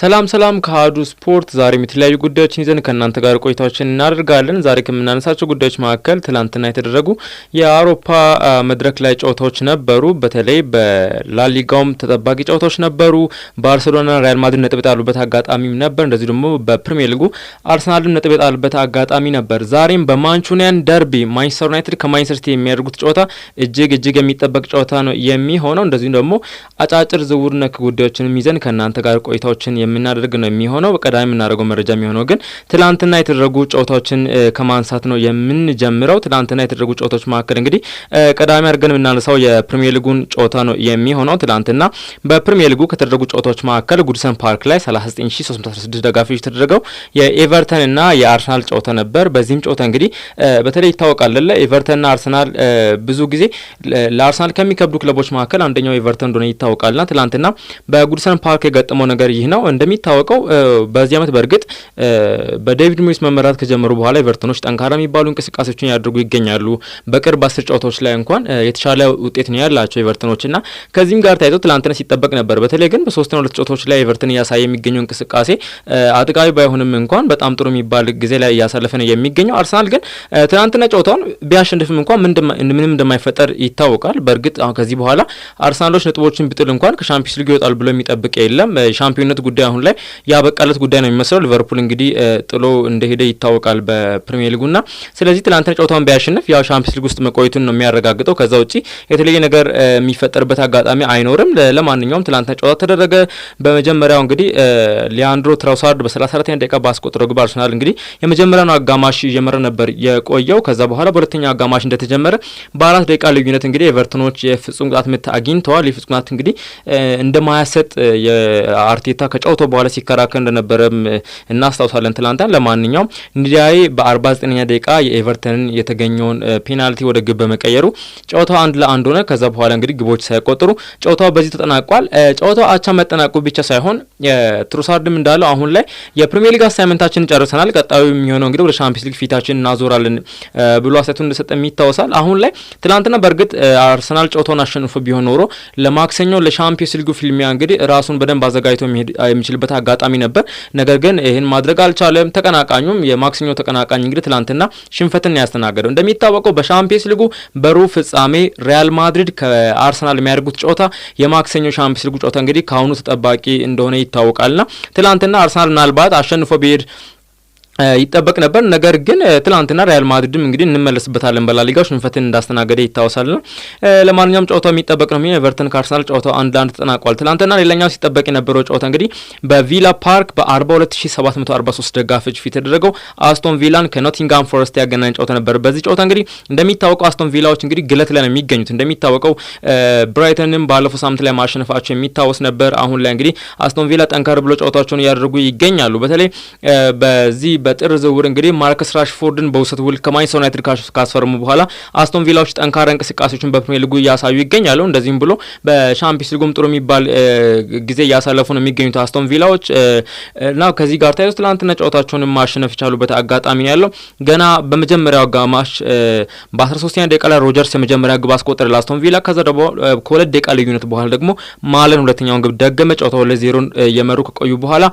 ሰላም ሰላም ከአሀዱ ስፖርት ዛሬም የተለያዩ ጉዳዮችን ይዘን ከእናንተ ጋር ቆይታዎችን እናደርጋለን። ዛሬ ከምናነሳቸው ጉዳዮች መካከል ትላንትና የተደረጉ የአውሮፓ መድረክ ላይ ጨዋታዎች ነበሩ። በተለይ በላሊጋውም ተጠባቂ ጨዋታዎች ነበሩ። ባርሴሎና ሪያል ማድሪድ ነጥብ የጣሉበት አጋጣሚም ነበር። እንደዚሁ ደግሞ በፕሪሚየር ሊጉ አርሰናልም ነጥብ የጣሉበት አጋጣሚ ነበር። ዛሬም በማንቹኒያን ደርቢ ማንቸስተር ዩናይትድ ከማንቸስተር ሲቲ የሚያደርጉት ጨዋታ እጅግ እጅግ የሚጠበቅ ጨዋታ ነው የሚሆነው። እንደዚሁም ደግሞ አጫጭር ዝውውር ነክ ጉዳዮችንም ይዘን ከእናንተ ጋር ቆይታዎችን የምናደርግ ነው የሚሆነው። ቀዳሚ የምናደርገው መረጃ የሚሆነው ግን ትላንትና የተደረጉ ጨዋታዎችን ከማንሳት ነው የምንጀምረው። ትላንትና የተደረጉ ጨዋታዎች መካከል እንግዲህ ቀዳሚ አድርገን የምናነሳው የፕሪሚየር ሊጉን ጨዋታ ነው የሚሆነው። ትላንትና በፕሪሚየር ሊጉ ከተደረጉ ጨዋታዎች መካከል ጉድሰን ፓርክ ላይ 39316 ደጋፊዎች የተደረገው የኤቨርተን እና የአርሰናል ጨዋታ ነበር። በዚህም ጨዋታ እንግዲህ በተለይ ይታወቃል ኤቨርተንና አርሰናል ብዙ ጊዜ ለአርሰናል ከሚከብዱ ክለቦች መካከል አንደኛው ኤቨርተን እንደሆነ ይታወቃልና ትላንትና በጉድሰን ፓርክ የገጠመው ነገር ይህ ነው። እንደሚታወቀው በዚህ ዓመት በእርግጥ በዴቪድ ሙይስ መመራት ከጀመሩ በኋላ ኤቨርተኖች ጠንካራ የሚባሉ እንቅስቃሴዎችን ያደርጉ ይገኛሉ። በቅርብ አስር ጨዋታዎች ላይ እንኳን የተሻለ ውጤት ነው ያላቸው ኤቨርተኖች እና ከዚህም ጋር ታይቶ ትላንትና ሲጠበቅ ነበር። በተለይ ግን በሶስትና ሁለት ጨዋታዎች ላይ ኤቨርተን እያሳየ የሚገኘው እንቅስቃሴ አጥቃቢ ባይሆንም እንኳን በጣም ጥሩ የሚባል ጊዜ ላይ እያሳለፈ ነው የሚገኘው። አርሰናል ግን ትናንትና ጨዋታውን ቢያሸንፍም እንኳን ምንም እንደማይፈጠር ይታወቃል። በእርግጥ ከዚህ በኋላ አርሰናሎች ነጥቦችን ቢጥል እንኳን ከሻምፒዮንስ ሊግ ይወጣል ብሎ የሚጠብቅ የለም። ሻምፒዮንነት ጉዳይ አሁን ላይ ያበቃለት ጉዳይ ነው የሚመስለው። ሊቨርፑል እንግዲህ ጥሎ እንደሄደ ይታወቃል በፕሪሚየር ሊጉ ና ስለዚህ ትላንትና ጨዋታውን ቢያሸንፍ ያው ሻምፒዮንስ ሊግ ውስጥ መቆየቱን ነው የሚያረጋግጠው። ከዛ ውጪ የተለየ ነገር የሚፈጠርበት አጋጣሚ አይኖርም። ለማንኛውም ትላንትና ጨዋታ ተደረገ። በመጀመሪያው እንግዲህ ሊያንድሮ ትራውሳርድ በ34ኛ ደቂቃ ባስቆጠረው ግብ አርሰናል እንግዲህ የመጀመሪያውን አጋማሽ እየመረ ነበር የቆየው። ከዛ በኋላ በሁለተኛው አጋማሽ እንደተጀመረ በአራት ደቂቃ ልዩነት እንግዲህ ኤቨርቶኖች የፍጹም ቅጣት ምት አግኝተዋል። የፍጹም ቅጣት እንግዲህ እንደማያሰጥ የአርቴታ ከጫው ከጨዋታው በኋላ ሲከራከር እንደነበረም እናስታውሳለን ትላንትና። ለማንኛውም እንዲያይ በ49ኛ ደቂቃ የኤቨርተንን የተገኘውን ፔናልቲ ወደ ግብ በመቀየሩ ጨዋታው አንድ ለአንድ ሆነ። ከዛ በኋላ እንግዲህ ግቦች ሳይቆጥሩ ጨዋታው በዚህ ተጠናቋል። ጨዋታው አቻ መጠናቁ ብቻ ሳይሆን ትሩሳርድም እንዳለው አሁን ላይ የፕሪሚየር ሊግ አሳይመንታችን ጨርሰናል፣ ቀጣዩ የሚሆነው እንግዲህ ወደ ሻምፒዮንስ ሊግ ፊታችን እናዞራለን ብሎ አስተያየቱን እንደሰጠ ይታወሳል። አሁን ላይ ትላንትና በእርግጥ አርሰናል ጨዋታውን አሸንፎ ቢሆን ኖሮ ለማክሰኞ ለሻምፒዮንስ ሊጉ ፊልሚያ እንግዲህ ራሱን በደንብ አዘጋጅቶ የሚችልበት አጋጣሚ ነበር። ነገር ግን ይህን ማድረግ አልቻለም። ተቀናቃኙም የማክሰኞ ተቀናቃኝ እንግዲህ ትላንትና ሽንፈትን ያስተናገደው እንደሚታወቀው በሻምፒየንስ ሊጉ በሩብ ፍጻሜ ሪያል ማድሪድ ከአርሰናል የሚያደርጉት ጨዋታ የማክሰኞ ሻምፒየንስ ሊጉ ጨዋታ እንግዲህ ከአሁኑ ተጠባቂ እንደሆነ ይታወቃልና ትላንትና አርሰናል ምናልባት አሸንፎ ቢሄድ ይጠበቅ ነበር። ነገር ግን ትላንትና ሪያል ማድሪድም እንግዲህ እንመለስበታለን በላሊጋው ሽንፈትን እንዳስተናገደ ይታወሳል። ለማንኛውም ጨዋታው የሚጠበቅ ነው። ኤቨርተን ከአርሰናል ጨዋታው አንድ ለአንድ ተጠናቋል። ትላንትና ሌላኛው ሲጠበቅ የነበረው ጨዋታ እንግዲህ በቪላ ፓርክ በ42743 ደጋፊዎች ፊት የተደረገው አስቶን ቪላን ከኖቲንጋም ፎረስት ያገናኝ ጨዋታ ነበር። በዚህ ጨዋታ እንግዲህ እንደሚታወቀው አስቶን ቪላዎች እንግዲህ ግለት ላይ ነው የሚገኙት። እንደሚታወቀው ብራይተንም ባለፈው ሳምንት ላይ ማሸነፋቸው የሚታወስ ነበር። አሁን ላይ እንግዲህ አስቶን ቪላ ጠንከር ብሎ ጨዋታቸውን እያደረጉ ይገኛሉ። በተለይ በዚህ በጥር ዝውውር እንግዲህ ማርከስ ራሽፎርድን በውሰት ውል ከማንቸስተር ዩናይትድ ካስፈርሙ በኋላ አስቶን ቪላዎች ጠንካራ እንቅስቃሴዎችን በፕሪሚየር ሊጉ እያሳዩ ይገኛሉ። እንደዚህም ብሎ በሻምፒዮንስ ሊጉም ጥሩ የሚባል ጊዜ እያሳለፉ ነው የሚገኙት አስቶን ቪላዎች እና ከዚህ ጋር ተያይዞ ትላንትና ጨዋታቸውንም ማሸነፍ የቻሉበት አጋጣሚ ነው ያለው። ገና በመጀመሪያው አጋማሽ በ13ኛ ደቂቃ ላይ ሮጀርስ የመጀመሪያ ግብ አስቆጠረ ለአስቶን ቪላ። ከዛ ደግሞ ከሁለት ደቂቃ ልዩነት በኋላ ደግሞ ማለን ሁለተኛውን ግብ ደገመ። ጨዋታው ለዜሮን የመሩ ከቆዩ በኋላ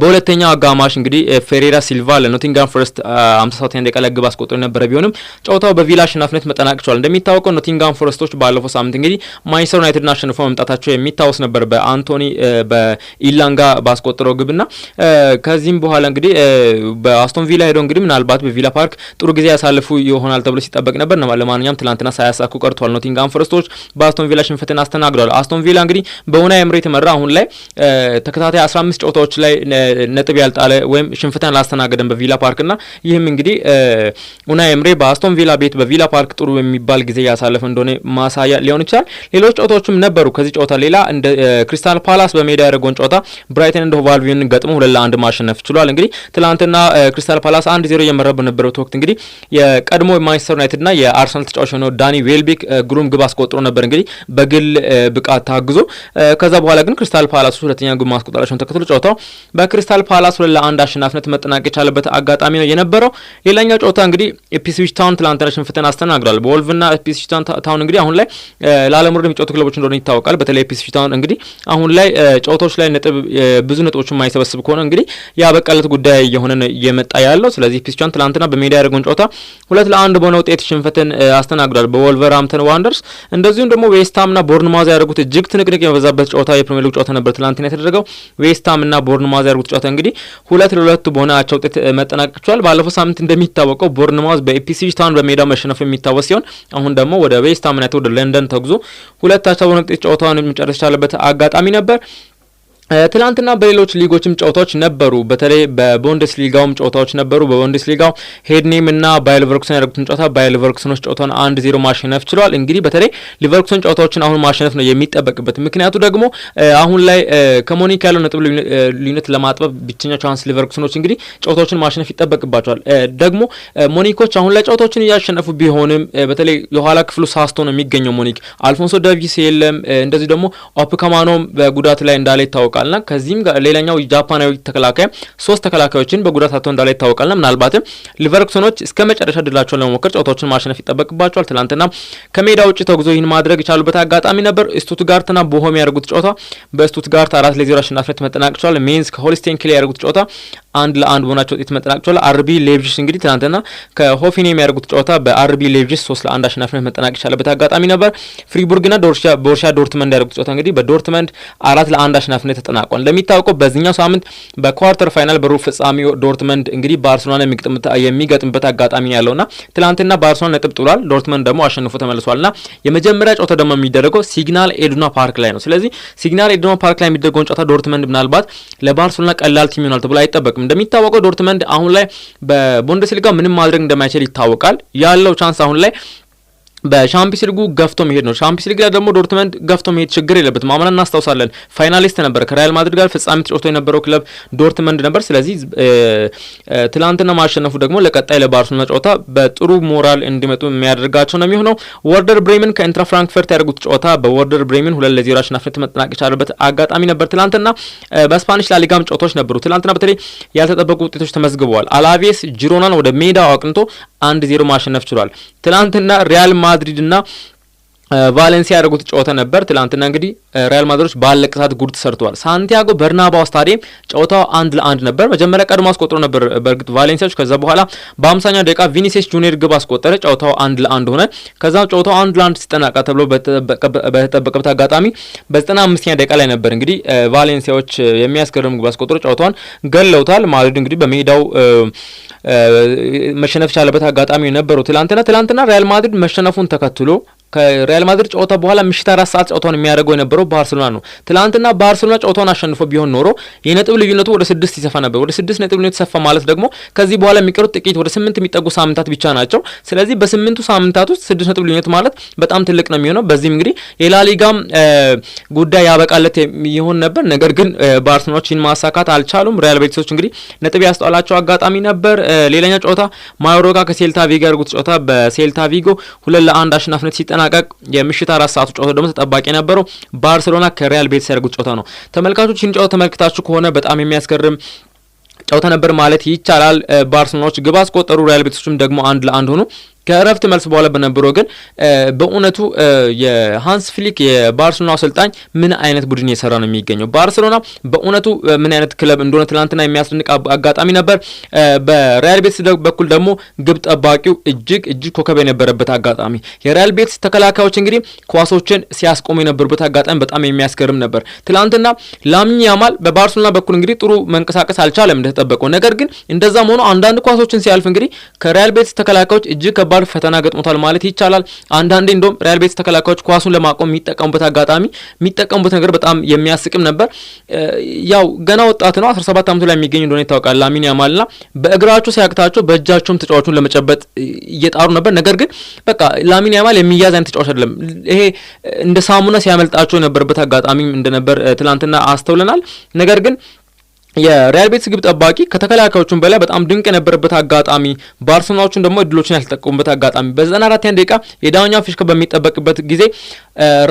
በሁለተኛው አጋማሽ እንግዲህ ፌሬራ ሲልቫ ለኖቲንጋም ፎረስት 57 ደቂቃ ላይ ግብ አስቆጥሮ ነበረ። ቢሆንም ጨዋታው በቪላ አሸናፊነት መጠናቀቅ ችሏል። እንደሚታወቀው ኖቲንጋም ፎረስቶች ባለፈው ሳምንት እንግዲህ ማንቸስተር ዩናይትድን አሸንፎ መምጣታቸው የሚታወስ ነበር በአንቶኒ በኢላንጋ ግብ ና ከዚህም በኋላ እንግዲህ በአስቶን ቪላ ሄዶ እንግዲህ ምናልባት በቪላ ፓርክ ጥሩ ጊዜ ያሳልፉ ይሆናል ተብሎ ሲጠበቅ ነበር። ለማንኛውም ትላንትና ሳያሳኩ ቀርቷል። ኖቲንጋም ፎረስቶች በአስቶን ቪላ ሽንፈትን አስተናግደዋል። አስቶን ቪላ እንግዲህ በኡናይ ኤምሬ የተመራ አሁን ላይ ተከታታይ 15 ጨዋታዎች ላይ ነጥብ ያልጣለ ወይም ሽንፈትን ላስተናገደን በቪላ ፓርክ ና ይህም እንግዲህ ኡናይ ኤምሬ በአስቶን ቪላ ቤት በቪላ ፓርክ ጥሩ የሚባል ጊዜ ያሳለፈ እንደሆነ ማሳያ ሊሆን ይችላል። ሌሎች ጨዋታዎችም ነበሩ። ከዚህ ጨዋታ ሌላ እንደ ክሪስታል ፓላስ በሜዳ ያደረገውን ጨዋታ ብራይተን እንደ ሆቫል ገጥሞ ሁለት ለአንድ ማሸነፍ ችሏል። እንግዲህ ትላንትና ክሪስታል ፓላስ አንድ ዜሮ እየመራ በነበረበት ወቅት እንግዲህ የቀድሞ ማንቸስተር ዩናይትድ ና የአርሰናል ተጫዋች የሆነው ዳኒ ዌልቢክ ግሩም ግብ አስቆጥሮ ነበር እንግዲህ በግል ብቃት ታግዞ ከዛ በኋላ ግን ክሪስታል ፓላሶች ሁለተኛ ግብ ማስቆጠራቸውን ተከትሎ ጨዋታው በክሪስታል ፓላስ ሁለት ለአንድ አሸናፊነት መጠናቀቅ የቻለበት አጋጣሚ ነው የነበረው። ሌላኛው ጨዋታ እንግዲህ ኢፕስዊች ታውን ትላንትና ሽንፈትን አስተናግዷል። በወልቭና ኢፕስዊች ታውን እንግዲህ አሁን ላይ ለዓለም ለዓለምሮድ የሚጫወቱ ክለቦች እንደሆነ ይታወቃል። በተለይ ኢፕስዊች ታውን እንግዲህ አሁን ላይ ጨዋታዎች ላይ ነጥብ ብዙ ነጥቦችን ማይሰበስብ ከሆነ እንግዲህ ያበቃለት ጉዳይ እየሆነ እየመጣ ያለው። ስለዚህ ኢፕስዊች ታውን ትላንትና በሜዳ ያደረገውን ጨዋታ ሁለት ለአንድ በሆነ ውጤት ሽንፈትን አስተናግዷል በወልቨርሃምተን ዋንደርስ። እንደዚሁም ደግሞ ዌስትሃምና ቦርንማዝ ያደረጉት እጅግ ትንቅንቅ የበዛበት ጨዋታ የፕሪሚየር ሊግ ጨዋታ ነበር ትላንትና የተደረገው ዌስትሃምና ቦርንማዝ የሚያደርጉት ጨዋታ እንግዲህ ሁለት ለሁለት በሆነ አቻ ውጤት መጠናቀቅ ችሏል። ባለፈው ሳምንት እንደሚታወቀው ቦርንማውዝ በኢፒሲጅ ታውን በሜዳው መሸነፉ የሚታወስ ሲሆን አሁን ደግሞ ወደ ቤስት አምናይት ወደ ለንደን ተጉዞ ሁለት አቻ በሆነ ውጤት ጨዋታውን የሚጨርስ የቻለበት አጋጣሚ ነበር። ትላንትና በሌሎች ሊጎችም ጨዋታዎች ነበሩ። በተለይ በቡንደስ ሊጋውም ጨዋታዎች ነበሩ። በቡንደስ ሊጋው ሄድኔም እና ባየር ያደረጉትን ጨዋታ ባየር ጨዋታውን አንድ ዜሮ ማሸነፍ ችሏል። እንግዲህ በተለይ ሊቨርኩሰን ጨዋታዎችን አሁን ማሸነፍ ነው የሚጠበቅበት። ምክንያቱ ደግሞ አሁን ላይ ከሞኒክ ያለው ነጥብ ልዩነት ለማጥበብ ብቸኛ ቻንስ ሊቨርኩሰኖች እንግዲህ ጨዋታዎችን ማሸነፍ ይጠበቅባቸዋል። ደግሞ ሞኒኮች አሁን ላይ ጨዋታዎችን እያሸነፉ ቢሆንም በተለይ የኋላ ክፍሉ ሳስቶ ነው የሚገኘው። ሞኒክ አልፎንሶ ደቪስ የለም፣ እንደዚህ ደግሞ ከማኖም በጉዳት ላይ እንዳለ ይታወቃል። ይታወቃል። ና ከዚህም ጋር ሌላኛው ጃፓናዊ ተከላካይ ሶስት ተከላካዮችን በጉዳት አቶ እንዳለ ና ምናልባትም ሊቨርኩሰኖች እስከ መጨረሻ ድላቸውን ለመሞከር ጨዋታዎችን ማሸነፍ ይጠበቅባቸዋል። ትላንትና ከሜዳ ውጭ ተጉዞ ይህን ማድረግ የቻሉበት አጋጣሚ ነበር። ስቱትጋርት ና ቦሆም ያደርጉት ጨዋታ በስቱትጋርት አራት ለዜሮ አሸናፊነት መጠናቀቅ ችሏል። ሜንስ ከሆሊስቴን ክሌ ያደርጉት ጨዋታ አንድ ለአንድ በሆናቸው ውጤት መጠናቀቅ ችሏል። አርቢ ሌብዥስ እንግዲህ ትናንትና ከሆፊኔ የሚያደርጉት ጨዋታ በአርቢ ሌብዥስ ሶስት ለአንድ አሸናፊነት መጠናቅ የቻለበት አጋጣሚ ነበር። ፍሪቡርግ ና ቦርሻ ዶርትመንድ ያደርጉት ጨዋታ እንግዲህ በዶርትመንድ አራት ለአንድ አሸናፊነት ተጠናቋል። እንደሚታወቀው በዚህኛው ሳምንት በኳርተር ፋይናል በሩብ ፍጻሜ ዶርትመንድ እንግዲህ ባርሴሎና የሚገጥምበት አጋጣሚ ነው ያለውና ትናንትና ባርሴሎና ነጥብ ጥሏል። ዶርትመንድ ደግሞ አሸንፎ ተመልሷልና የመጀመሪያ ጨዋታ ደግሞ የሚደረገው ሲግናል ኤዱና ፓርክ ላይ ነው። ስለዚህ ሲግናል ኤዱና ፓርክ ላይ የሚደረገውን ጨዋታ ዶርትመንድ ምናልባት ለባርሴሎና ቀላል ቲም ይሆናል ተብሎ አይጠበቅም። እንደሚታወቀው ዶርትመንድ አሁን ላይ በቡንደስሊጋ ምንም ማድረግ እንደማይችል ይታወቃል። ያለው ቻንስ አሁን ላይ በሻምፒዮንስ ሊጉ ገፍቶ መሄድ ነው። ሻምፒዮንስ ሊግ ላይ ደግሞ ዶርትመንድ ገፍቶ መሄድ ችግር የለበትም። አምና እናስታውሳለን ፋይናሊስት ነበር። ከሪያል ማድሪድ ጋር ፍጻሜ ተጫውቶ የነበረው ክለብ ዶርትመንድ ነበር። ስለዚህ ትላንትና ማሸነፉ ደግሞ ለቀጣይ ለባርሱና ጨዋታ በጥሩ ሞራል እንዲመጡ የሚያደርጋቸው ነው የሚሆነው። ወርደር ብሬምን ከኢንትራ ፍራንክፈርት ያደርጉት ጨዋታ በወርደር ብሬምን ሁለት ለዜሮ አሸናፊነት መጠናቀቅ የቻለበት አጋጣሚ ነበር። ትላንትና በስፓኒሽ ላሊጋም ጨዋታዎች ነበሩ። ትላንትና በተለይ ያልተጠበቁ ውጤቶች ተመዝግበዋል። አላቬስ ጂሮናን ወደ ሜዳው አቅንቶ አንድ ዜሮ ማሸነፍ ችሏል። ትናንትና ሪያል ማድሪድ ቫሌንሲያ ያደረጉት ጨዋታ ነበር ትላንትና። እንግዲህ ሪያል ማድሪዶች ባለቀ ሰዓት ጉድ ተሰርተዋል። ሳንቲያጎ በርናባው ስታዲየም ጨዋታው አንድ ለአንድ ነበር። መጀመሪያ ቀድሞ አስቆጥሮ ነበር በእርግጥ ቫሌንሲያዎች። ከዛ በኋላ በአምሳኛው ደቂቃ ቪኒሲየስ ጁኒየር ግብ አስቆጠረ። ጨዋታው አንድ ለአንድ ሆነ። ከዛ ጨዋታው አንድ ለአንድ ሲጠናቃ ተብሎ በተጠበቀበት አጋጣሚ በዘጠና አምስተኛ ደቂቃ ላይ ነበር እንግዲህ ቫሌንሲያዎች የሚያስገርም ግብ አስቆጥሮ ጨዋታውን ገለውታል። ማድሪድ እንግዲህ በሜዳው መሸነፍ ቻለበት አጋጣሚ ነበረው ትላንትና። ትላንትና ሪያል ማድሪድ መሸነፉን ተከትሎ ከሪያል ማድሪድ ጨዋታ በኋላ ምሽት አራት ሰዓት ጨዋታውን የሚያደርገው የነበረው ባርሴሎና ነው። ትላንትና ባርሴሎና ጨዋታውን አሸንፎ ቢሆን ኖሮ የነጥብ ልዩነቱ ወደ ስድስት ይሰፋ ነበር። ወደ ስድስት ነጥብ ልዩነት ሰፋ ማለት ደግሞ ከዚህ በኋላ የሚቀሩት ጥቂት ወደ ስምንት የሚጠጉ ሳምንታት ብቻ ናቸው። ስለዚህ በስምንቱ ሳምንታት ውስጥ ስድስት ነጥብ ልዩነት ማለት በጣም ትልቅ ነው የሚሆነው። በዚህም እንግዲህ የላሊጋም ጉዳይ ያበቃለት ይሆን ነበር። ነገር ግን ባርሴሎናዎች ይህን ማሳካት አልቻሉም። ሪያል ቤቲሶች እንግዲህ ነጥብ ያስተዋላቸው አጋጣሚ ነበር። ሌላኛው ጨዋታ ማዮሮካ ከሴልታ ቪጎ ያደርጉት ጨዋታ በሴልታ ቪጎ ሁለት ለአንድ አሸናፊነት ሲጠና ሲጠናቀቅ የምሽት አራት ሰዓቱ ጨዋታ ደግሞ ተጠባቂ የነበረው ባርሴሎና ከሪያል ቤት ሲያደርጉት ጨዋታ ነው። ተመልካቾች ይህን ጨዋታ ተመልክታችሁ ከሆነ በጣም የሚያስገርም ጨዋታ ነበር ማለት ይቻላል። ባርሴሎናዎች ግብ አስቆጠሩ፣ ሪያል ቤቶችም ደግሞ አንድ ለአንድ ሆኑ። ከእረፍት መልስ በኋላ በነበረው ግን በእውነቱ የሃንስ ፍሊክ የባርሴሎና አሰልጣኝ ምን አይነት ቡድን እየሰራ ነው የሚገኘው? ባርሴሎና በእውነቱ ምን አይነት ክለብ እንደሆነ ትናንትና የሚያስደንቅ አጋጣሚ ነበር። በሪያል ቤትስ በኩል ደግሞ ግብ ጠባቂው እጅግ እጅግ ኮከብ የነበረበት አጋጣሚ፣ የሪያል ቤትስ ተከላካዮች እንግዲህ ኳሶችን ሲያስቆሙ የነበሩበት አጋጣሚ በጣም የሚያስገርም ነበር። ትናንትና ላሚን ያማል በባርሴሎና በኩል እንግዲህ ጥሩ መንቀሳቀስ አልቻለም እንደተጠበቀው። ነገር ግን እንደዛም ሆኖ አንዳንድ ኳሶችን ሲያልፍ እንግዲህ ከሪያል ቤትስ ተከላካዮች እጅግ ከባድ ከባድ ፈተና ገጥሞታል ማለት ይቻላል። አንዳንዴ እንደውም ሪያል ቤት ተከላካዮች ኳሱን ለማቆም የሚጠቀሙበት አጋጣሚ የሚጠቀሙበት ነገር በጣም የሚያስቅም ነበር። ያው ገና ወጣት ነው፣ 17 ዓመቱ ላይ የሚገኝ እንደሆነ ይታወቃል። ላሚን ያማልና በእግራቸው ሲያቅታቸው በእጃቸውም ተጫዋቹን ለመጨበጥ እየጣሩ ነበር። ነገር ግን በቃ ላሚን ያማል የሚያዝ አይነት ተጫዋች አይደለም። ይሄ እንደ ሳሙና ሲያመልጣቸው የነበረበት አጋጣሚ እንደነበር ትላንትና አስተውለናል። ነገር ግን የሪያል ቤትስ ግብ ጠባቂ ከተከላካዮቹን በላይ በጣም ድንቅ የነበረበት አጋጣሚ ባርሰናዎቹን ደግሞ እድሎችን ያልተጠቀሙበት አጋጣሚ በዘጠና አራተኛ ደቂቃ የዳኛ ፊሽክ በሚጠበቅበት ጊዜ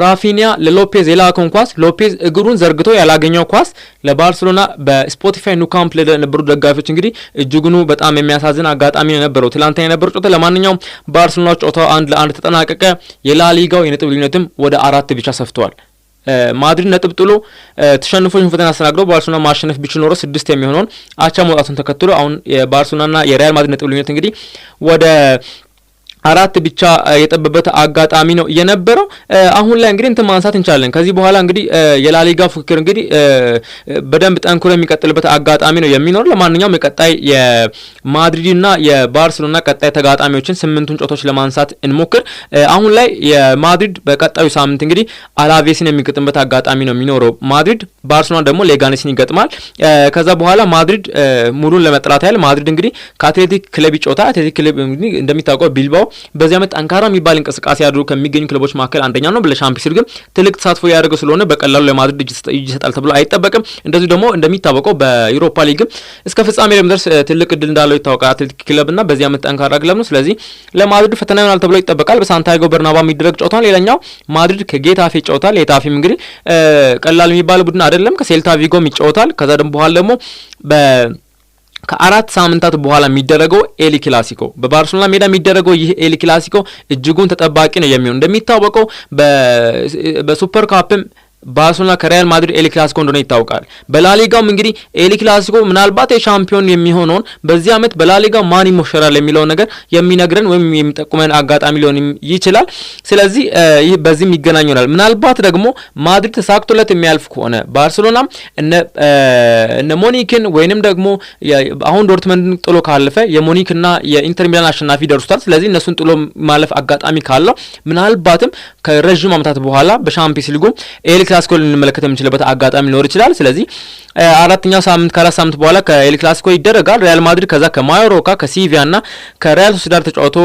ራፊኒያ ለሎፔዝ የላከውን ኳስ ሎፔዝ እግሩን ዘርግቶ ያላገኘው ኳስ ለባርሴሎና በስፖቲፋይ ኑካምፕ ለነበሩ ደጋፊዎች እንግዲህ እጅጉኑ በጣም የሚያሳዝን አጋጣሚ ነበረው ትላንትና የነበረው ጨዋታ። ለማንኛውም ባርሴሎና ጨዋታው አንድ ለአንድ ተጠናቀቀ። የላሊጋው የነጥብ ልዩነትም ወደ አራት ብቻ ሰፍተዋል። ማድሪድ ነጥብ ጥሎ ተሸንፎችን ፈተና አስተናግደው ባርሴሎና ማሸነፍ ቢችል ኖሮ ስድስት የሚሆነውን አቻ መውጣቱን ተከትሎ አሁን የባርሴሎናና የሪያል ማድሪድ ነጥብ ልዩነት እንግዲህ ወደ አራት ብቻ የጠበበት አጋጣሚ ነው የነበረው። አሁን ላይ እንግዲህ እንትን ማንሳት እንችላለን። ከዚህ በኋላ እንግዲህ የላሊጋ ፉክክር እንግዲህ በደንብ ጠንክሮ የሚቀጥልበት አጋጣሚ ነው የሚኖር። ለማንኛውም የቀጣይ የማድሪድና የባርሴሎና ቀጣይ ተጋጣሚዎችን ስምንቱን ጨዋታዎች ለማንሳት እንሞክር። አሁን ላይ የማድሪድ በቀጣዩ ሳምንት እንግዲህ አላቬስን የሚገጥምበት አጋጣሚ ነው የሚኖረው ማድሪድ። ባርሴሎና ደግሞ ሌጋኔስን ይገጥማል። ከዛ በኋላ ማድሪድ ሙሉን ለመጥራት ያህል ማድሪድ እንግዲህ ከአትሌቲክ ክለብ ይጮታል። አትሌቲክ ክለብ እንደሚታወቀው ቢልባው በዚህ ዓመት ጠንካራ የሚባል እንቅስቃሴ ያድሩ ከሚገኙ ክለቦች መካከል አንደኛ ነው። ለሻምፒዮንስ ሊግም ትልቅ ተሳትፎ ያደረገው ስለሆነ በቀላሉ ለማድሪድ እጅ ይሰጣል ተብሎ አይጠበቅም። እንደዚሁ ደግሞ እንደሚታወቀው በዩሮፓ ሊግ እስከ ፍጻሜ ለመድረስ ትልቅ እድል እንዳለው ይታወቃል አትሌቲክ እና በዚህ ዓመት ጠንካራ ክለብ ነው። ስለዚህ ለማድሪድ ፈተና ይሆናል ተብሎ ይጠበቃል። በሳንቲያጎ በርናባ የሚደረግ ጨዋታ ሌላኛው ማድሪድ ከጌታፌ ይጫወታል። ጌታፌም እንግዲህ ቀላል የሚባል ቡድን አይደለም። ከሴልታ ቪጎም ይጫወታል። ከዛ ደግሞ በኋላ ደግሞ በ ከአራት ሳምንታት በኋላ የሚደረገው ኤል ክላሲኮ በባርሴሎና ሜዳ የሚደረገው ይህ ኤል ክላሲኮ እጅጉን ተጠባቂ ነው የሚሆን እንደሚታወቀው በሱፐር ካፕም ባርሴሎና ከሪያል ማድሪድ ኤል ክላሲኮ እንደሆነ ይታወቃል። በላሊጋውም እንግዲህ ኤል ክላሲኮ ምናልባት የሻምፒዮን የሚሆነውን በዚህ ዓመት በላሊጋው ማን ይሞሸራል የሚለውን ነገር የሚነግረን ወይም የሚጠቁመን አጋጣሚ ሊሆን ይችላል። ስለዚህ ይህ በዚህም ይገናኝ ይሆናል። ምናልባት ደግሞ ማድሪድ ተሳክቶለት የሚያልፍ ከሆነ ባርሴሎናም እነ ሞኒክን ወይንም ደግሞ አሁን ዶርትመንድን ጥሎ ካለፈ የሞኒክና የኢንተር ሚላን አሸናፊ ደርሱታል። ስለዚህ እነሱን ጥሎ ማለፍ አጋጣሚ ካለው ምናልባትም ከረዥም ዓመታት በኋላ በሻምፒዮንስ ሊጉም ኤል ክላሲኮ ልንመለከት የምንችልበት አጋጣሚ ሊኖር ይችላል። ስለዚህ አራተኛው ሳምንት ከአራት ሳምንት በኋላ ከኤል ክላሲኮ ይደረጋል። ሪያል ማድሪድ ከዛ ከማዮሮካ ከሲቪያ ና ከሪያል ሶሲዳድ ተጫውቶ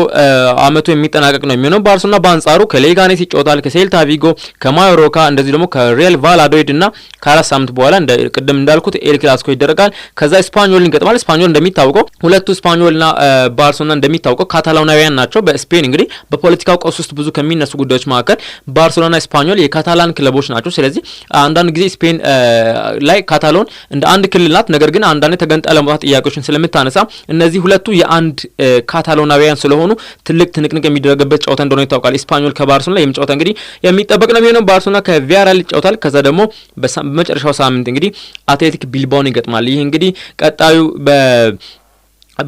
አመቱ የሚጠናቀቅ ነው የሚሆነው። ባርሶና በአንጻሩ ከሌጋኔስ ይጫወታል፣ ከሴልታ ቪጎ፣ ከማዮሮካ እንደዚህ ደግሞ ከሪያል ቫላዶይድ ና ከአራት ሳምንት በኋላ ቅድም እንዳልኩት ኤል ክላሲኮ ይደረጋል። ከዛ ስፓኞል ይገጥማል። ስፓኞል እንደሚታወቀው ሁለቱ ስፓኞል ና ባርሶና እንደሚታወቀው ካታላናውያን ናቸው። በስፔን እንግዲህ በፖለቲካው ቀውስ ውስጥ ብዙ ከሚነሱ ጉዳዮች መካከል ና ስፓኞል የካታላን ክለቦች ናቸው። ስለዚህ አንዳንድ ጊዜ ስፔን ላይ ካታሎን እንደ አንድ ክልል ናት። ነገር ግን አንዳንድ ተገንጣይ ለመውጣት ጥያቄዎችን ስለምታነሳ እነዚህ ሁለቱ የአንድ ካታሎናውያን ስለሆኑ ትልቅ ትንቅንቅ የሚደረግበት ጨዋታ እንደሆነ ይታወቃል። ኢስፓኞል ከባርሶና ይህም ጨዋታ እንግዲህ የሚጠበቅ ነው የሚሆነው። ባርሶና ከቪያራል ይጫወታል። ከዛ ደግሞ በመጨረሻው ሳምንት እንግዲህ አትሌቲክ ቢልባውን ይገጥማል። ይህ እንግዲህ ቀጣዩ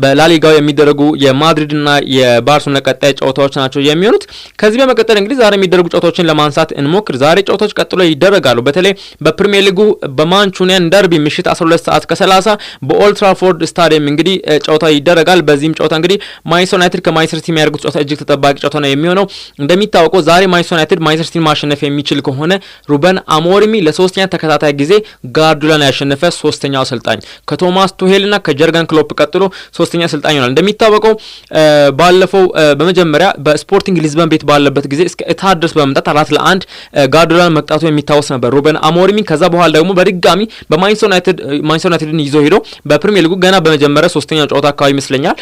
በላሊጋው የሚደረጉ የማድሪድና የባርሶና ቀጣይ ጨዋታዎች ናቸው የሚሆኑት። ከዚህ በመቀጠል እንግዲህ ዛሬ የሚደረጉ ጨዋታዎችን ለማንሳት እንሞክር። ዛሬ ጨዋታዎች ቀጥሎ ይደረጋሉ። በተለይ በፕሪሚየር ሊጉ በማንቹኒያን ደርቢ ምሽት 12 ሰዓት ከ30 በኦልትራፎርድ ስታዲየም እንግዲህ ጨዋታ ይደረጋል። በዚህም ጨዋታ እንግዲህ ማንቸስተር ዩናይትድ ከማንቸስተር ሲቲ የሚያደርጉት ጨዋታ እጅግ ተጠባቂ ጨዋታ ነው የሚሆነው። እንደሚታወቀው ዛሬ ማንቸስተር ዩናይትድ ማንቸስተር ሲቲን ማሸነፍ የሚችል ከሆነ ሩበን አሞሪሚ ለሶስተኛ ተከታታይ ጊዜ ጋርዱላን ያሸነፈ ሶስተኛው አሰልጣኝ ከቶማስ ቱሄልና ከጀርገን ክሎፕ ቀጥሎ ሶስተኛ አሰልጣኝ ይሆናል። እንደሚታወቀው ባለፈው በመጀመሪያ በስፖርቲንግ ሊዝበን ቤት ባለበት ጊዜ እስከ እትሃድ ድረስ በመምጣት አራት ለአንድ ጋርዶላን መቅጣቱ የሚታወስ ነበር ሩበን አሞሪሚ። ከዛ በኋላ ደግሞ በድጋሚ በማንቸስተር ዩናይትድን ይዞ ሄዶ በፕሪሚየር ሊጉ ገና በመጀመሪያ ሶስተኛ ጨዋታ አካባቢ ይመስለኛል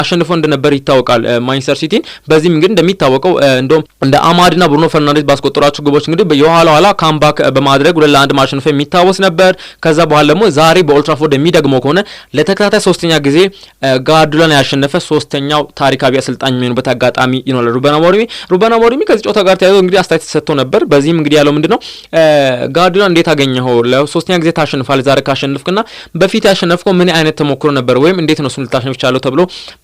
አሸንፎ እንደነበር ይታወቃል ማንቸስተር ሲቲን። በዚህም እንግዲህ እንደሚታወቀው እንደውም እንደ አማድና ብሩኖ ፈርናንዴዝ ባስቆጠሯቸው ግቦች እንግዲህ የኋላ ኋላ ካምባክ በማድረግ ሁለት ለአንድ ማሸንፎ የሚታወስ ነበር። ከዛ በኋላ ደግሞ ዛሬ በኦልትራፎርድ የሚደግመው ከሆነ ለተከታታይ ሶስተኛ ጊዜ ጋርዱላን ያሸነፈ ሶስተኛው ታሪካዊ አሰልጣኝ የሚሆንበት አጋጣሚ ይኖራል። ሩበን አሞሪም ሩበን አሞሪም ከዚህ ጨዋታ ጋር ተያይዞ እንግዲህ አስተያየት ተሰጥቶ ነበር። በዚህም እንግዲህ ያለው ምንድን ነው ጋርዱላን እንዴት አገኘኸው? ለሶስተኛ ጊዜ ታሸንፋል። ዛሬ ካሸንፍክና በፊት ያሸነፍከው ምን አይነት ተሞክሮ ነበር? ወይም እንዴት ነው እሱን ልታሸንፍ ቻለው? ተብሎ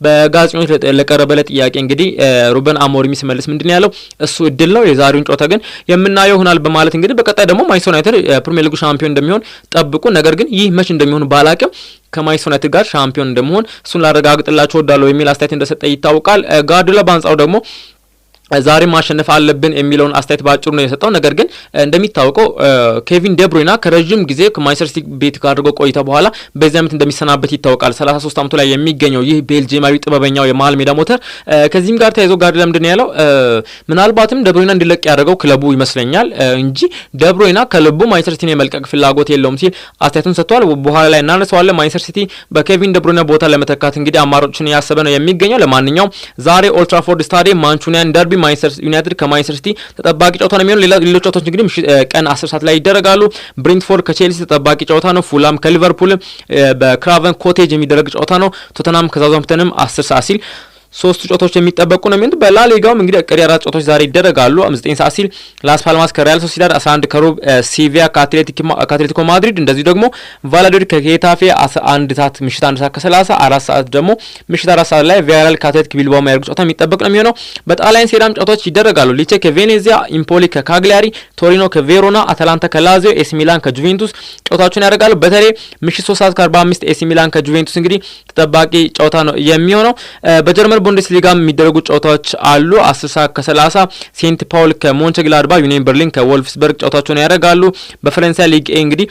በጋዜጠኞች ለቀረበለ ጥያቄ እንግዲህ ሩበን አሞሪም ሲመልስ ምንድን ነው ያለው? እሱ እድል ነው የዛሬውን ጨዋታ ግን የምናየው ይሆናል በማለት እንግዲህ በቀጣይ ደግሞ ማንቸስተር ዩናይትድ ፕሪሚየር ሊጉ ሻምፒዮን እንደሚሆን ጠብቁ፣ ነገር ግን ይህ መች እንደሚሆን ባላቅም ከማይስ ዩናይትድ ጋር ሻምፒዮን እንደመሆን እሱን ላረጋግጥላቸው ወዳለሁ የሚል አስተያየት እንደሰጠ ይታወቃል። ጋርዲዮላ በአንጻሩ ደግሞ ዛሬ ማሸነፍ አለብን የሚለውን አስተያየት በአጭሩ ነው የሰጠው። ነገር ግን እንደሚታወቀው ኬቪን ደብሮይና ከረዥም ጊዜ ከማንቸስተር ሲቲ ቤት አድርጎ ቆይተ በኋላ በዚህ ዓመት እንደሚሰናበት ይታወቃል። 33 ዓመቱ ላይ የሚገኘው ይህ ቤልጅየማዊ ጥበበኛው የመሀል ሜዳ ሞተር ከዚህም ጋር ተያይዞ ጋር ለምንድን ያለው ምናልባትም ደብሮይና እንዲለቅ ያደረገው ክለቡ ይመስለኛል እንጂ ደብሮይና ከልቡ ማንቸስተር ሲቲን የመልቀቅ ፍላጎት የለውም ሲል አስተያየቱን ሰጥቷል። በኋላ ላይ እናነሰዋለን። ማንቸስተር ሲቲ በኬቪን ደብሮይና ቦታ ለመተካት እንግዲህ አማራጮችን እያሰበ ነው የሚገኘው። ለማንኛውም ዛሬ ኦልትራፎርድ ስታዲየም ማንቹኒያን ደርቢ ማንቸስተር ዩናይትድ ከማንቸስተር ሲቲ ተጠባቂ ጨዋታ ነው የሚሆነው። ሌሎች ጨዋታዎች እንግዲህ ቀን አስር ሰዓት ላይ ይደረጋሉ። ብሪንትፎርድ ከቼልሲ ተጠባቂ ጨዋታ ነው። ፉላም ከሊቨርፑል በክራቨን ኮቴጅ የሚደረግ ጨዋታ ነው። ቶተናም ከሳውዛምፕተንም አስር ሰዓት ሲል ሶስት ጨዋታዎች የሚጠበቁ ነው የሚሆኑት። በላሊጋውም እንግዲህ ቀሪ አራት ጨዋታዎች ዛሬ ይደረጋሉ። አምስት ዘጠኝ ሰዓት ሲል ላስ ፓልማስ ከሪያል ሶሲዳድ፣ 11 ከሩብ ሲቪያ ከአትሌቲኮ ማድሪድ፣ እንደዚሁ ደግሞ ቫላዶሊድ ከጌታፌ 11 ሰዓት ምሽት 1 ሰዓት ከ30፣ አራት ሰዓት ደግሞ ምሽት አራት ሰዓት ላይ ቪያሪያል ከአትሌቲክ ቢልባኦ የሚያደርጉ ጨዋታ የሚጠበቅ ነው የሚሆነው። በጣሊያን ሴዳም ጨዋታዎች ይደረጋሉ። ሊቼ ከቬኔዚያ፣ ኢምፖሊ ከካግሊያሪ፣ ቶሪኖ ከቬሮና፣ አታላንታ ከላዚዮ፣ ኤሲ ሚላን ከጁቬንቱስ ጨዋታዎችን ያደርጋሉ። በተለይ ምሽት 3 ሰዓት ከ45 ኤሲ ሚላን ከጁቬንቱስ እንግዲህ ተጠባቂ ጨዋታ ነው የሚሆነው በጀርመን በቡንደስሊጋ የሚደረጉ ጨዋታዎች አሉ። አስር ሰዓት ከሰላሳ ሴንት ፓውል ከሞንቸግላድባ፣ ዩኒየን በርሊን ከወልፍስበርግ ጨዋታቸውን ያደርጋሉ። በፈረንሳይ ሊግ ኤ እንግዲህ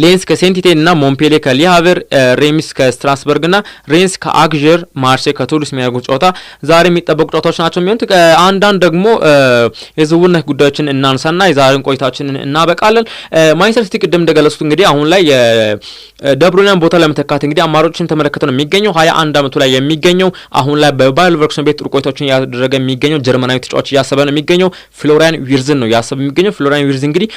ሌንስ ከሴንቲቴን እና ሞምፔሌ ከሊሃቨር ሬሚስ ከስትራስበርግ እና ሬንስ ከአግዥር ማርሴ ከቱሉስ የሚያደርጉት ጨዋታ ዛሬ የሚጠበቁ ጨዋታዎች ናቸው የሚሆኑት። አንዳንድ ደግሞ የዝውውርነት ጉዳዮችን እናንሳ ና የዛሬን ቆይታችንን እናበቃለን። ማንቸስተር ሲቲ ቅድም እንደገለጹት እንግዲህ አሁን ላይ የደብሩናን ቦታ ለመተካት እንግዲህ አማራጮችን ተመለከተ ነው የሚገኘው ሀያ አንድ አመቱ ላይ የሚገኘው አሁን ላይ በባየር ሌቨርኩሰን ቤት ጥሩ ቆይታዎችን እያደረገ የሚገኘው ጀርመናዊ ተጫዋች እያሰበ ነው የሚገኘው ፍሎሪያን ዊርዝን ነው እያሰበ የሚገኘው ፍሎሪያን ዊርዝ እንግዲህ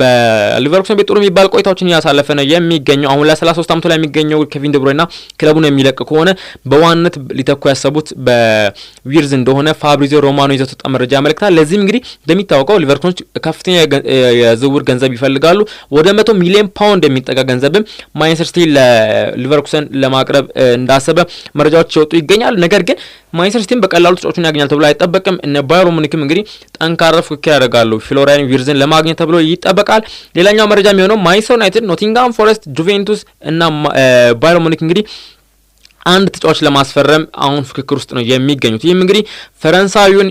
በሌቨርኩሰን ቤት ጥሩ የሚባል ቆይታዎች ጨዋታዎችን እያሳለፈ ነው የሚገኘው። አሁን ላይ 33 አመቱ ላይ የሚገኘው ኬቪን ድብሮይና ክለቡን የሚለቅ ከሆነ በዋናነት ሊተኩ ያሰቡት በዊርዝ እንደሆነ ፋብሪዚዮ ሮማኖ ይዘት ወጣ መረጃ ያመለክታል። ለዚህም እንግዲህ እንደሚታወቀው ሊቨርፑሎች ከፍተኛ የዝውውር ገንዘብ ይፈልጋሉ። ወደ 100 ሚሊዮን ፓውንድ የሚጠጋ ገንዘብም ማንቸስተር ሲቲ ለሊቨርኩሰን ለማቅረብ እንዳሰበ መረጃዎች ይወጡ ይገኛሉ። ነገር ግን ማንቸስተር ሲቲም በቀላሉ ተጫዋቹን ያገኛል ተብሎ አይጠበቅም። እነ ባየር ሙኒክም እንግዲህ ጠንካራ ፉክክር ያደርጋሉ ፍሎሪያን ቪርዝን ለማግኘት ተብሎ ይጠበቃል። ሌላኛው መረጃ የሚሆነው ማንቸስተር ዩናይትድ፣ ኖቲንጋም ፎረስት፣ ጁቬንቱስ እና ባየር ሙኒክ እንግዲህ አንድ ተጫዋች ለማስፈረም አሁን ፍክክር ውስጥ ነው የሚገኙት። ይህም እንግዲህ ፈረንሳዊውን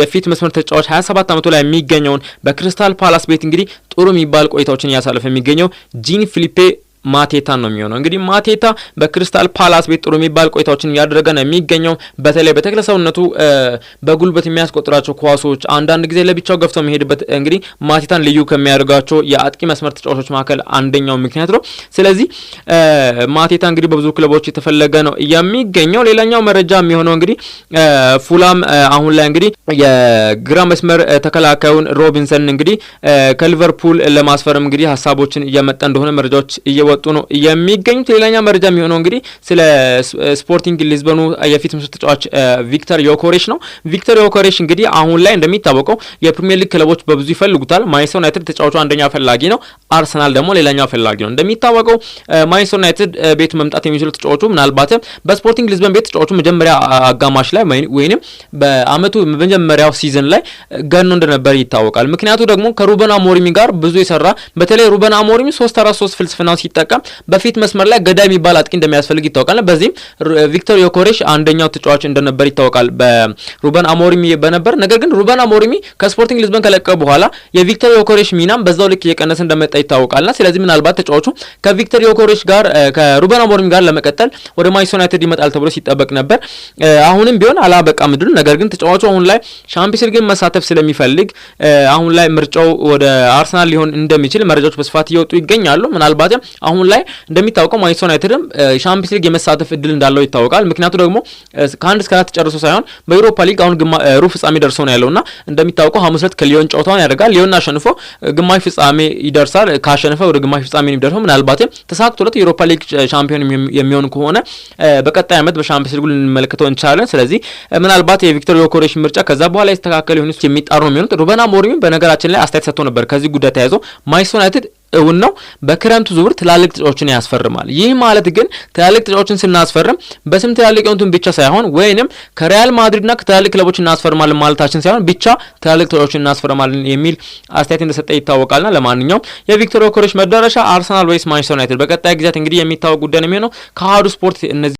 የፊት መስመር ተጫዋች 27 ዓመቱ ላይ የሚገኘውን በክሪስታል ፓላስ ቤት እንግዲህ ጥሩ የሚባል ቆይታዎችን እያሳለፈ የሚገኘው ጂን ፊሊፔ ማቴታን ነው የሚሆነው። እንግዲህ ማቴታ በክሪስታል ፓላስ ቤት ጥሩ የሚባል ቆይታዎችን እያደረገ ነው የሚገኘው። በተለይ በተክለ ሰውነቱ በጉልበት የሚያስቆጥራቸው ኳሶች አንዳንድ ጊዜ ለብቻው ገፍቶ የሚሄድበት እንግዲህ ማቴታን ልዩ ከሚያደርጋቸው የአጥቂ መስመር ተጫዋቾች መካከል አንደኛው ምክንያት ነው። ስለዚህ ማቴታ እንግዲህ በብዙ ክለቦች የተፈለገ ነው የሚገኘው። ሌላኛው መረጃ የሚሆነው እንግዲህ ፉላም አሁን ላይ እንግዲህ የግራ መስመር ተከላካዩን ሮቢንሰን እንግዲህ ከሊቨርፑል ለማስፈረም እንግዲህ ሀሳቦችን እያመጣ እንደሆነ መረጃዎች እየ እየወጡ ነው የሚገኙት። ሌላኛ መረጃ የሚሆነው እንግዲህ ስለ ስፖርቲንግ ሊዝበኑ የፊት ምሰሶ ተጫዋች ቪክተር ዮኮሬሽ ነው። ቪክተር ዮኮሬሽ እንግዲህ አሁን ላይ እንደሚታወቀው የፕሪሚየር ሊግ ክለቦች በብዙ ይፈልጉታል። ማይሰ ዩናይትድ ተጫዋቹ አንደኛ ፈላጊ ነው። አርሰናል ደግሞ ሌላኛው ፈላጊ ነው። እንደሚታወቀው ማይሰ ዩናይትድ ቤቱ መምጣት የሚችሉ ተጫዋቹ ምናልባት በስፖርቲንግ ሊዝበን ቤት ተጫዋቹ መጀመሪያ አጋማሽ ላይ ወይም በአመቱ መጀመሪያው ሲዝን ላይ ገኖ እንደነበር ይታወቃል። ምክንያቱ ደግሞ ከሩበን አሞሪሚ ጋር ብዙ የሰራ በተለይ ሩበን አሞሪሚ ሶስት ፍልስፍና ሲጠ ሲጠቀም በፊት መስመር ላይ ገዳይ የሚባል አጥቂ እንደሚያስፈልግ ይታወቃል። በዚህም ቪክቶሪ ዮኮሬሽ አንደኛው ተጫዋች እንደነበር ይታወቃል በሩበን አሞሪሚ በነበር። ነገር ግን ሩበን አሞሪሚ ከስፖርቲንግ ሊዝበን ከለቀ በኋላ የቪክተር ዮኮሬሽ ሚናም በዛው ልክ እየቀነሰ እንደመጣ ይታወቃልና ስለዚህ ምናልባት ተጫዋቹ ከቪክተር ዮኮሬሽ ጋር ከሩበን አሞሪሚ ጋር ለመቀጠል ወደ ማንቸስተር ዩናይትድ ይመጣል ተብሎ ሲጠበቅ ነበር። አሁንም ቢሆን አላበቃም ድሉ። ነገር ግን ተጫዋቹ አሁን ላይ ሻምፒዮንስ ሊግን መሳተፍ ስለሚፈልግ አሁን ላይ ምርጫው ወደ አርሰናል ሊሆን እንደሚችል መረጃዎች በስፋት እየወጡ ይገኛሉ። ምናልባትም አሁን ላይ እንደሚታወቀው ማንቸስተር ዩናይትድም ሻምፒዮንስ ሊግ የመሳተፍ እድል እንዳለው ይታወቃል። ምክንያቱ ደግሞ ከአንድ እስከ አራት ጨርሶ ሳይሆን በዩሮፓ ሊግ አሁን ሩብ ፍጻሜ ደርሶ ነው ያለውና እንደሚታወቀው ሐሙስ ዕለት ከሊዮን ጨዋታውን ያደርጋል። ሊዮን አሸንፎ ግማሽ ፍጻሜ ይደርሳል። ካሸነፈ ወደ ግማሽ ፍጻሜ የሚደርሰው ምናልባትም ተሳክቶ ለት ዩሮፓ ሊግ ሻምፒዮን የሚሆን ከሆነ በቀጣይ ዓመት በሻምፒዮንስ ሊጉ ልንመለከተው እንችላለን። ስለዚህ ምናልባት የቪክቶር ዮኮሬሽ ምርጫ ከዛ በኋላ የተስተካከለ የሆኑ የሚጣሩ ነው የሚሆኑት። ሩበን አሞሪም በነገራችን ላይ አስተያየት ሰጥቶ ነበር ከዚህ ጉዳይ ተያይዞ ማንቸስተር ዩናይትድ እውን ነው። በክረምቱ ዙር ትላልቅ ተጫዋቾችን ያስፈርማል። ይህ ማለት ግን ትላልቅ ተጫዋቾችን ስናስፈርም በስም ትላልቅ የሆኑትን ብቻ ሳይሆን ወይንም ከሪያል ማድሪድና ከትላልቅ ክለቦች እናስፈርማል ማለታችን ሳይሆን ብቻ ትላልቅ ተጫዋቾችን እናስፈርማለን የሚል አስተያየት እንደሰጠ ይታወቃልና ለማንኛውም የቪክቶር ዮከሬሽ መዳረሻ አርሰናል ወይስ ማንቸስተር ዩናይትድ በቀጣይ ጊዜያት እንግዲህ የሚታወቅ ጉዳይ ነው የሚሆነው። ከአሀዱ ስፖርት እነዚህ